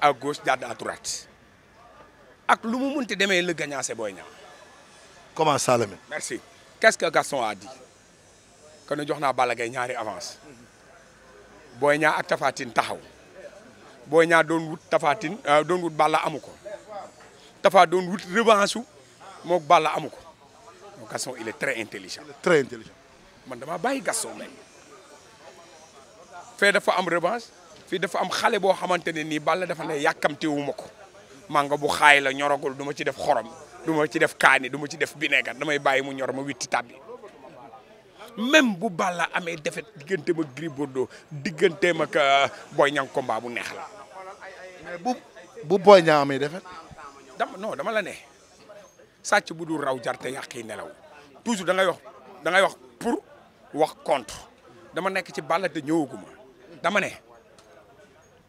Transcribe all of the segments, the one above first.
à gauche à droite Et le gagnant c'est comment ça merci qu'est-ce que le garçon a dit que nous avons fait Balla Gaye avance Boy ak tafatine taxaw un doon wut à euh, doon wut Balla revanche Balla il est très intelligent. très intelligent man damaa garçon. Fait dafa am revanche. fi dafa am xalé bo xamanteni ni Balla dafa ne yàkkamtiwuma ko manga bu xay la ñoragul duma ci def xorom duma ci def kani, duma ci def bineegar damay bayyi mu ñor ma witti tabbi même bu Balla ame defet ma gri bordo digënté ma ka euh, Boy ñang combat bu neex la. bu bu Boy ñang amé defet. dam non dama la ne sàcc bu du raw jarté yaqi nelaw toujours da ngay wax da ngay wax pour wax contre dama nek ci Balla te ñewuguma dama ne.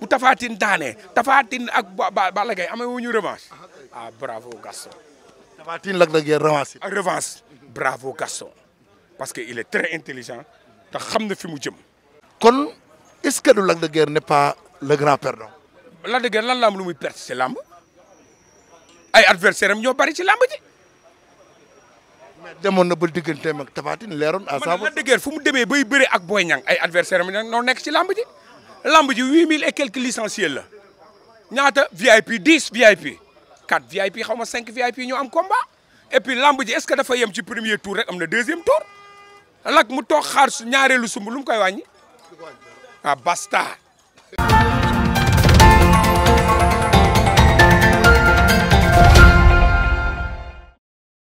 bu tafaatin daanee tafaatin ak Balla Gaye amee wu revanche ah bravo garçon. tafaatin lak da ngeen revanche. ak ah, revanche bravo garçon. parce que il est très intelligent ta xamna fi mu jëm. kon est-ce que du Lac de n'est pas le grand perdant. Lac de Guiers lan la am lu muy perte ci làmb ay adversaire am ñoo bari ci làmb ji. mais demone na ba digganteem mak Tapha Tine à sa man Lac de Guiers fu mu demee bay bëre ak Boy ñang ay adversaire am ñoo nek ci làmb ji lamb ji et quelques licenciés VIP 10 VIP 4 VIP ils VIP combat et puis lamb est-ce que dafa yem ci premier tour et un deuxième tour ah basta